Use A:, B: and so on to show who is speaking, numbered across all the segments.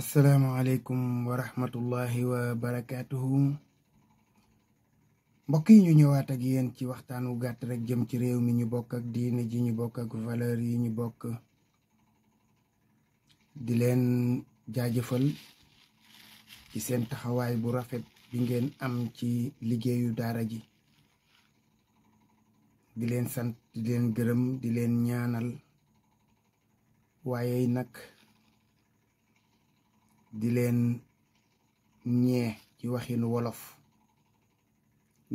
A: asalaamaaleykum wa rahmatullahi wa barakaatuhu mbokk yi ñu ñëwaat ak yéen ci waxtaan wu gàtt rek jëm ci réew mi ñu bokk ak diine ji ñu bokk ak valeur yi ñu bokk di leen jaajëfal ci seen taxawaay bu rafet bi ngeen am ci liggéeyu daara ji di leen sant di leen gërëm di leen ñaanal waaye nag di leen ñee ci waxinu wolof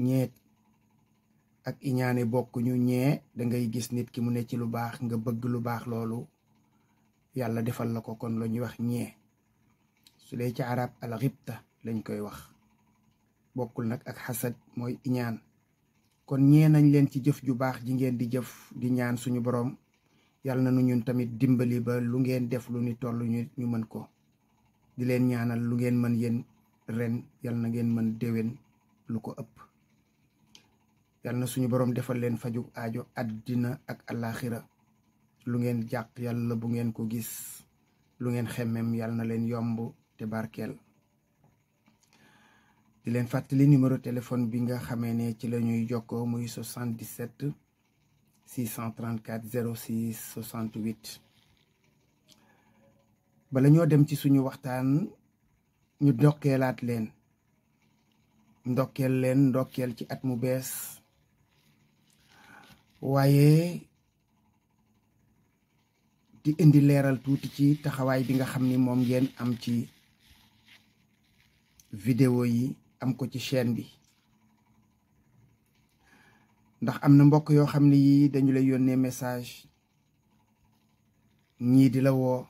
A: ñeet ak iñaane bokk ñu ñee dangay gis nit ki mu ne ci lu baax nga bëgg lu baax loolu yàlla defal la ko kon la ñuy wax ñee su dee ci arab al lañ koy wax bokkul nag ak xasad mooy iñaan kon ñee nañ leen ci jëf ju baax ji ngeen di jëf di ñaan suñu boroom yàlla na nu ñun tamit dimbali ba lu ngeen def lu ni toll ñu mën ko di leen ñaanal lu ngeen mën yéen ren yal na ngeen mën déwén lu ko ëpp yal na suñu boroom defal leen faju ajo àddina ak alaaxira lu ngeen jàq yàlla bu ngeen ko gis lu ngeen xemeem yal na leen yomb te barkeel di leen fàttali numéro téléphone bi nga xamee ne ci la ñuy jokkoo muy 77 634 06 68 bala ñoo dem ci suñu waxtaan ñu ndokkeelaat leen ndokkeel leen ndokkeel ci at mu bees waaye di indi leeral tuuti ci taxawaay bi nga xam ni moom ngeen am ci vidéo yi am ko ci chaîne bi ndax am na mbokk yoo xam ne yii dañu lay yónnee message ñii di la woo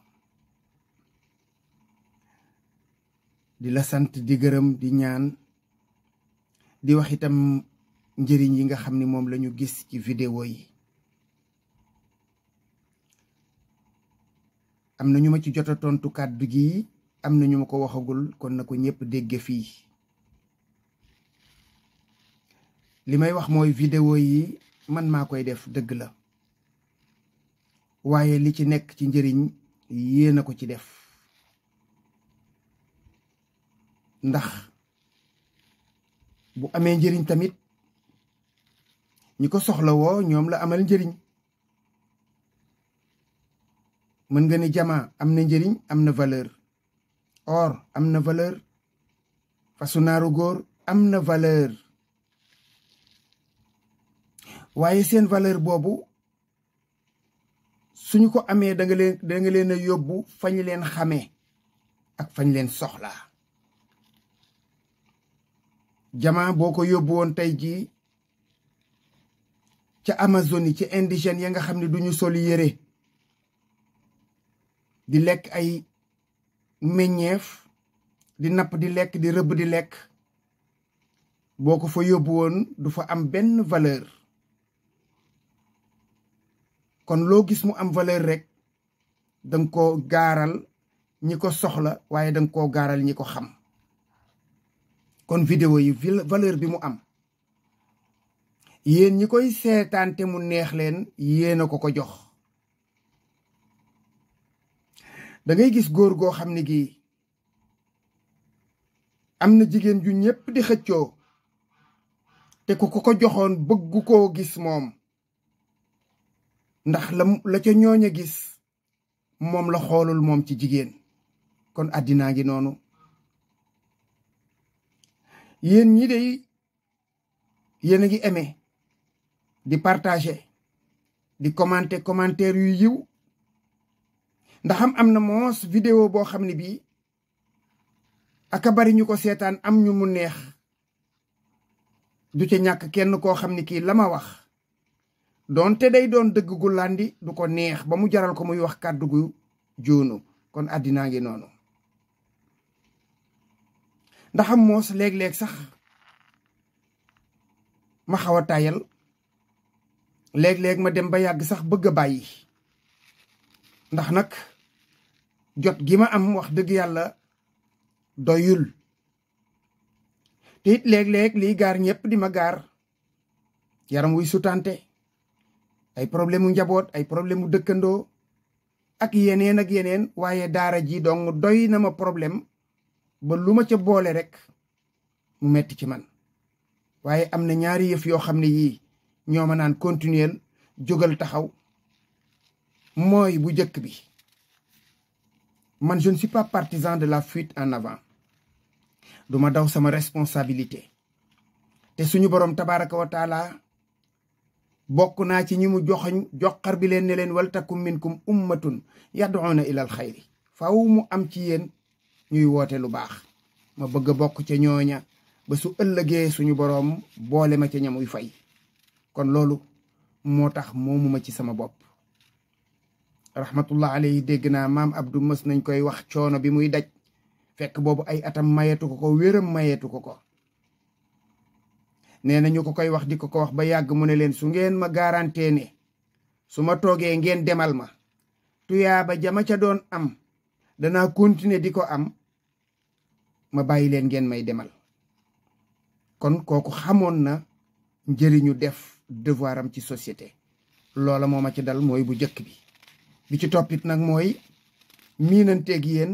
A: di la sant di gërëm di ñaan di wax njëriñ yi nga xam ni moom lañu gis ci video yi am na ñu ma ci jot a tontu kàddu gi am na ñu ma ko waxagul kon na ko ñëpp dégge fii li may wax mooy video yi man maa koy def dëgg la waaye li ci nekk ci njëriñ yéen a ko ci def ndax bu amee njëriñ tamit ñi ko soxlawoo ñoom la amal njëriñ mën nga ni jamaa am na njëriñ am na valeur or am na valeur fasu naaru góor am na valeur waaye seen valeur boobu suñu ko amee da leen da leen a yóbbu fañ leen xamee ak fañ leen soxlaa jamaa boo ko yóbbu tey jii ca amazone yi ci indigènes ya nga xam ne duñu soli yére di lekk ay meññeef di napp di lekk di rëbb di lekk boo ko fa yóbbuwoon woon du fa am benn valeur kon loo gis mu am valeur rek dang ko gaaral ñi ko soxla waaye dang ko gaaral ñi ko xam kon vidéo yi valeur bi mu am yéen ñi koy seetaan te mu neex leen yéen a ko ko jox da ngay gis góor goo xam ne gii am na jigéen ju ñépp di xëccoo te ku ko ko joxoon bëggu ko gis moom ndax la la ca ñooñ a gis moom la xoolul moom ci jigéen kon àddinaa ngi noonu yéen ñi de yéen a ngi aimé di partager di commenter commentaire yu yiw ndaxam am na moos vidéo boo xam ne bii aka bari ñu ko seetaan am ñu mu neex du ca ñàkk kenn koo xam ne kii la ma wax doonte day doon dëgg gu landi du ko neex ba mu jaral ko muy wax kàddu gu joonu kon àddinaa ngi noonu ndaxam am moos léeg-léeg sax ma xaw a tàyyal léeg ma dem ba yàgg sax bëgg a bàyyi ndax nag jot gi ma am wax dëgg yàlla doyul te it léeg-léeg liy gaar ñépp di ma gaar yaram wuy sutante ay problème mu njaboot ay problème mu dëkkandoo ak yeneen ak yeneen waaye daara jii dong doy na ma problème ba lu ma ca boole rek mu metti ci man waaye am na ñaari yëf yoo xam ne yii ñoo ma naan continuer jógal taxaw mooy bu jëkk bi man je ne suis pas de la fuite en avant duma daw sama responsabilité te suñu borom tabaraka wa bokk naa ci ñi mu joxoñ joxar bi leen ne leen waltakum minkum ummatun yad'una ilal xayri faw mu am ci yéen ñuy woote lu baax ma bëgg a bokk ca ñooña ba su ëllëgee suñu boroom boole ma ca ñamuy fay kon loolu moo tax moomuma ci sama bopp rahmatullah alayhi dégg naa maam abdu mës nañ koy wax coono bi muy daj fekk boobu ay atam mayeetu ko ko wéram mayeetu ko ko nee na ñu ko koy wax di ko ko wax ba yàgg mu ne leen su ngeen ma garantee ne su ma toogee ngeen demal ma tuyaaba jama ca doon am danaa continuer di ko am ma bàyyi leen ngeen may demal kon kooku xamoon na njëriñu def devoir ci société loola moo ma ci dal mooy bu jëkk bi bi ci toppit nag mooy miinanteeg yeen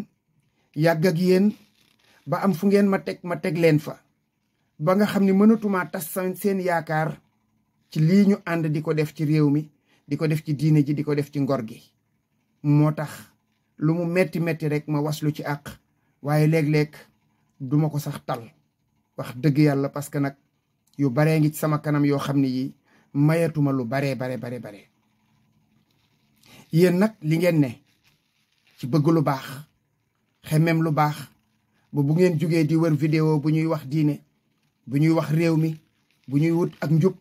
A: yàgg ak yéen ba am fu ngeen ma teg ma teg leen fa ba nga xam ne mënatumaa tas seen yaakaar ci lii ñu ànd di ko def ci réew mi di ko def ci diine ji di ko def ci ngor gi moo tax lu mu metti metti rek ma waslu ci àq waaye léeg-léeg duma ko sax tal wax dëgg yàlla parce que nag yu baree ngi ci sama kanam yoo xam ne yi mayatuma lu baree bare bare bare yéen nag li ngeen ne ci bëgg lu baax xemem lu baax ba bu ngeen jógee di wër vidéo bu ñuy wax diine bu ñuy wax réew mi bu ñuy wut ak njub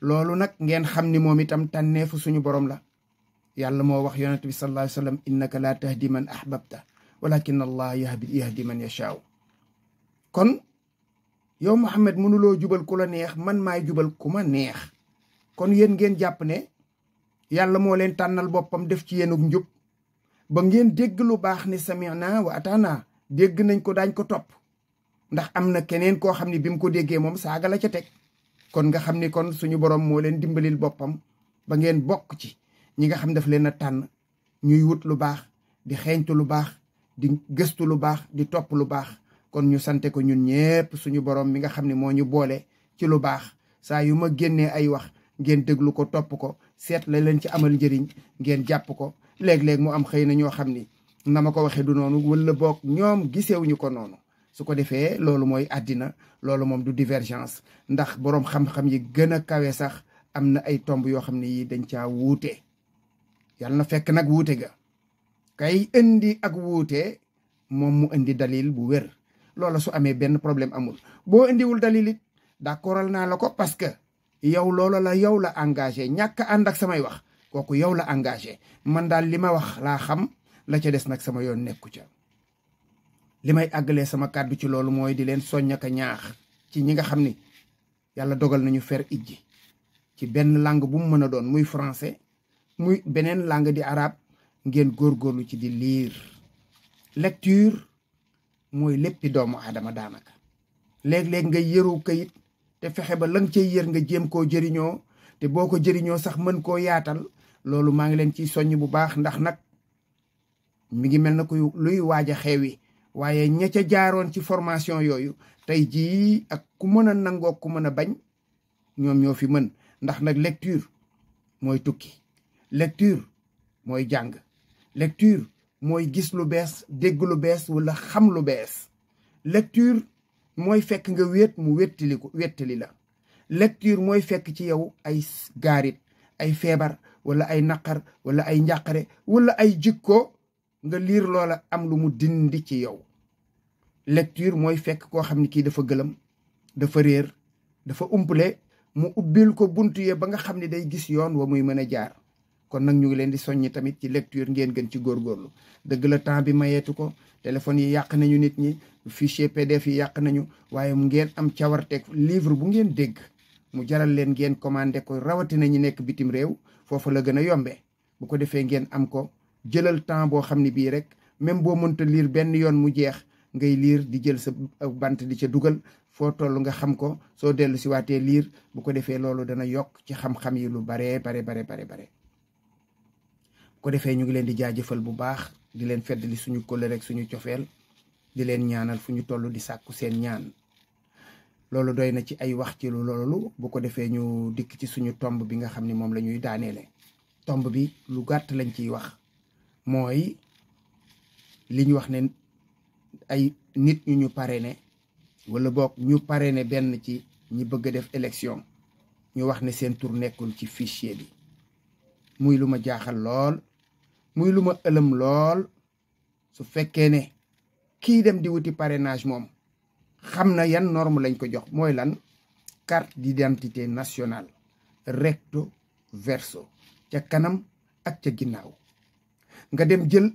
A: loolu nag ngeen xam ni moom itam tànneefu suñu borom la yàlla moo wax yonent bi sallallahu alayhi wa sallam innaka laa tahdi man ahbabta walakin allah yahdi yahdi man yashaa kon yow Muhammad mënuloo jubal ku la neex man maay jubal ku ma neex kon yéen ngeen jàpp ne yàlla moo leen tànnal boppam def ci yéenug njub ba ngeen dégg lu baax ne sami'na wa atana dégg nañ ko daañ ko topp ndax am na keneen koo xam ne bi mu ko déggee moom saaga la ca teg kon nga xam ni kon suñu borom moo leen dimbalil boppam ba ngeen bokk ci ñi nga xam daf leen a tànn ñuy wut lu baax di xeeñtu lu baax di gëstu lu baax di topp lu baax kon ñu sante ko ñun ñépp suñu borom mi nga xam ne moo ñu boole ci lu baax saa yu ma génnee ay wax ngeen déglu ko topp ko seet la leen ci amal njëriñ ngeen jàpp ko léeg-léeg mu am xëy na ñoo xam ni na ma ko waxee du noonu wala boog ñoom gisewuñu ko noonu su ko defee loolu mooy àddina loolu moom du divergence ndax boroom xam-xam yi gën a kawe sax am na ay tomb yoo xam ne yii dañ caa wuute yàlla na fekk nag wuute ga kay indi ak wuute moom mu indi dalil bu wér loola su amee benn problème amul boo indiwul dalil it d'accordal naa la ko parce que yow loola la yow la engagé ñàkk ànd ak samay wax kooku yow la engagé man daal li ma wax laa xam la ca des nag sama yoon nekku ca li may àggalee sama kàddu ci loolu mooy di leen soññ ñaax ci ñi nga xam ni yàlla dogal nañu fer ijji ci benn lang bu mu mën a doon muy français muy beneen langue di arabe ngeen góorgóorlu ci di liir lecture mooy léppi doomu aadama daanaka léeg-léeg nga yëru kayit te fexe ba la nga cay yër nga jéem koo jëriñoo te boo ko jëriñoo sax mën koo yaatal loolu maa ngi leen ciy soññ bu baax ndax nag mi ngi mel na kuy luy waaj a xewi waaye ña jaaroon ci formation yooyu tey jii ak ku mën a nangoo ku mën a bañ ñoom ñoo fi mën ndax nag lecture mooy tukki lecture mooy jàng lecture mooy gis lu bees dégg lu bees wala xam lu bees lecture mooy fekk nga wéet mu wéttali ko wettili la lecture mooy fekk ci yow ay gaarit ay feebar wala ay naqar wala ay njàqare wala ay jikko nga liir loola am lu mu dindi ci yow lecture mooy fekk koo xam ne kii dafa gëlëm dafa réer dafa umpale mu ubbil ko bunt ye ba nga xam ne day gis yoon wa muy mën a jaar kon nag ñu ngi leen di soññi tamit ci lecture ngeen gën ci góorgóorlu dëgg la temps bi mayeetu ko téléphone yi yàq nañu nit ñi fichier pdf yi yàq nañu waaye mu ngeen am cawarteeg livre bu ngeen dégg mu jaral leen ngeen commandé ko rawatina ñi nekk bitim réew foofu la gën a yombee bu ko defee ngeen am ko jëlal temps boo xam ne bii rek même boo mënta liir benn yoon mu jeex ngay liir di jël sa bant di ca dugal foo toll nga xam ko soo dellu si waatee liir bu ko defee loolu dana yokk ci xam-xam yi lu baree bare bare bare bare ko defee ñu ngi leen di jaajëfal bu baax di leen feddali suñu kóllëre rek suñu cofeel di leen ñaanal fu ñu toll di sàkku seen ñaan loolu doy na ci ay wax ci lu loolu bu ko defee ñu dikk ci suñu tomb bi nga xam ni moom la ñuy daaneele tomb bi lu gàtt lañ ciy wax mooy li ñu wax ne ay nit ñu ñu ne wala boog ñu ne benn ci ñi bëgg a def élection ñu wax ne seen tour nekkul ci fichier bi muy lu ma jaaxal lool muy lu ma ëlëm lool su fekkee ne kii dem di wuti parrainage moom xam na yan norme lañ ko jox mooy lan carte d'identité nationale recto verso ca kanam ak ca ginnaaw nga dem jël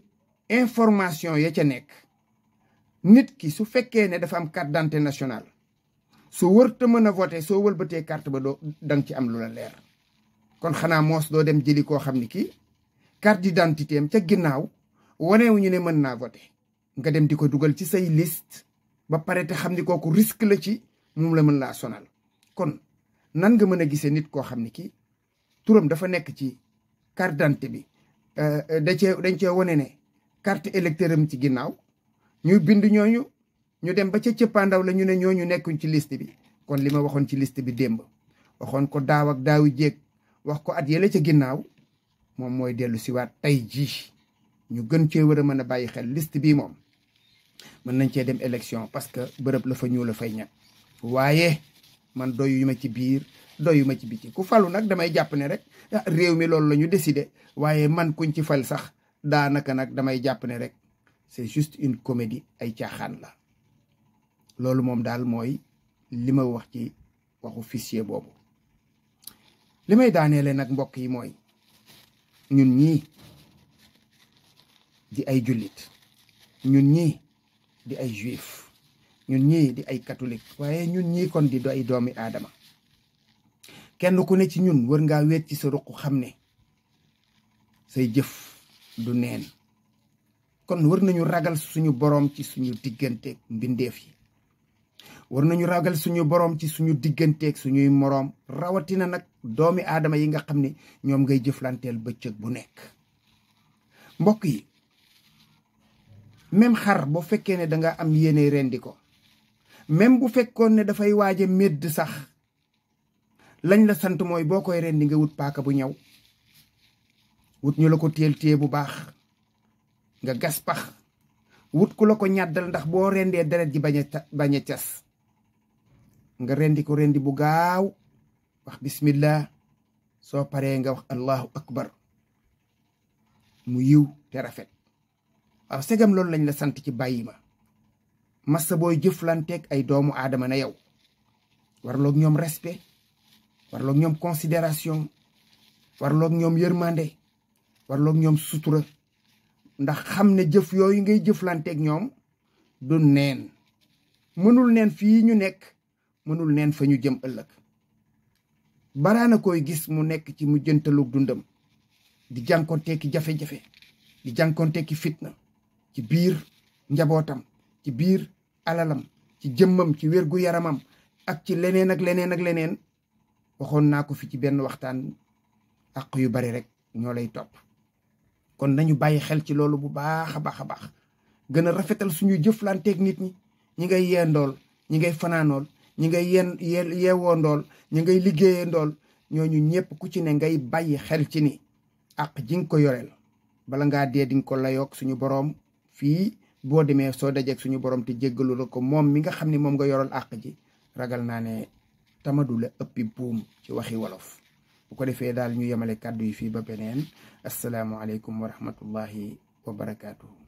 A: information ya ca nekk nit ki su fekkee ne dafa am carte d'identité nationale su wërta mën a voter soo wëlbatee carte ba doo danga ci am lu la leer kon xanaa moos doo dem jëli koo xam ni ki carte d'identité am ca ginnaaw wanewuñu ne mën naa voter nga dem di ko dugal ci say liste ba pare te xam ni kooku risque la ci moom la mën laa sonal kon nan nga mën a gisee nit koo xam ni ki turam dafa nekk ci carte d'identité bi euh, da cee dañ cee wane ne carte électeur am ci ginnaaw ñu bind ñooñu ñu dem ba ca cëppaandaw la ñu ne ñooñu nekkuñ ci liste bi kon li ma waxoon ci liste bi démb waxoon ko daaw ak daawi jéeg wax ko at yële ca ginnaaw moom mooy dellu siwaat tey jii ñu gën cee war a mën a bàyyi xel list bii moom mën nañ cee dem élection parce que bërëb la fa ñuul la fay ñag waaye man ma ci biir ma ci biti ku falu nag damay jàpp ne rek ah, réew mi loolu la ñu décidé waaye man kuñ ci fal sax daanaka nag damay jàpp ne rek c'est juste une comédie ay caaxaan la loolu moom daal mooy li ma wax ci waxu fichier boobu li may daaneele nag mbokk yi mooy ñun ñii di ay jullit ñun ñii di ay juif ñun ñii di ay katolik waaye ñun ñii kon di ay doomi aadama kenn ku ne ci ñun wër ngaa weet ci sa ruq xam ne say jëf du neen kon wër nañu ragal suñu borom ci suñu diggante mbindeef yi war nañu ragal suñu borom ci suñu digganteek suñuy moroom rawatina nag doomi aadama yi nga xam ni ñoom ngay jëflanteel bëccëg bu nekk mbokk yi même xar boo fekkee ne danga am yéene rendi ko même bu fekkoon ne dafay waaje médd sax lañ la sant mooy boo koy rendi nga wut paaka bu ñaw wut ñu la ko téel téye bu baax nga gas pax wut ku la ko ñàddal ndax boo rendee deret ji bañ a bañ a cas nga rendi ko rendi bu gaaw wax bismillah soo paree nga wax allahu akbar mu yiw te rafet a segam loolu lañ la sant ci bàyyi ma massa booy jëflanteeg ay doomu aadama na yow warloog ñoom respect warloog ñoom considération warloog ñoom yërmande warloog ñoom sutura ndax xam ne jëf yooyu ngay jëflanteeg ñoom du neen mënul neen fii ñu nekk mënul neen fa ñu jëm ëllëg baraana koy gis mu nekk ci mu jëntalug dundam di jànkonteeki jafe-jafe di jànkonteeki fitna ci biir njabootam ci biir alalam ci jëmmam ci gu yaramam ak ci leneen ak leneen ak leneen waxoon naa ko fi ci benn waxtaan àq yu bari rek ñoo lay topp kon nañu bàyyi xel ci loolu bu baax a baax a baax gën a rafetal suñuy jëflanteeg nit ñi ñi ngay yendool ñi ngay fanaanool ñi ngay yen yeewoo ndool ñi ngay liggéeyee ndool ñooñu ñëpp ku ci ne ngay bàyyi xel ci ni ak ji nga ko yoreel bala ngaa dee di nga ko layoog suñu boroom fii boo demee soo dajeeg suñu borom te jéggalu la ko moom mi nga xam ni moom nga yoral àq ji ragal naa ne tamadu la ëppi buum ci waxi wolof bu ko defee daal ñu yemale kàddu yi fii ba beneen asalaamualeykum wa rahmatullahi wa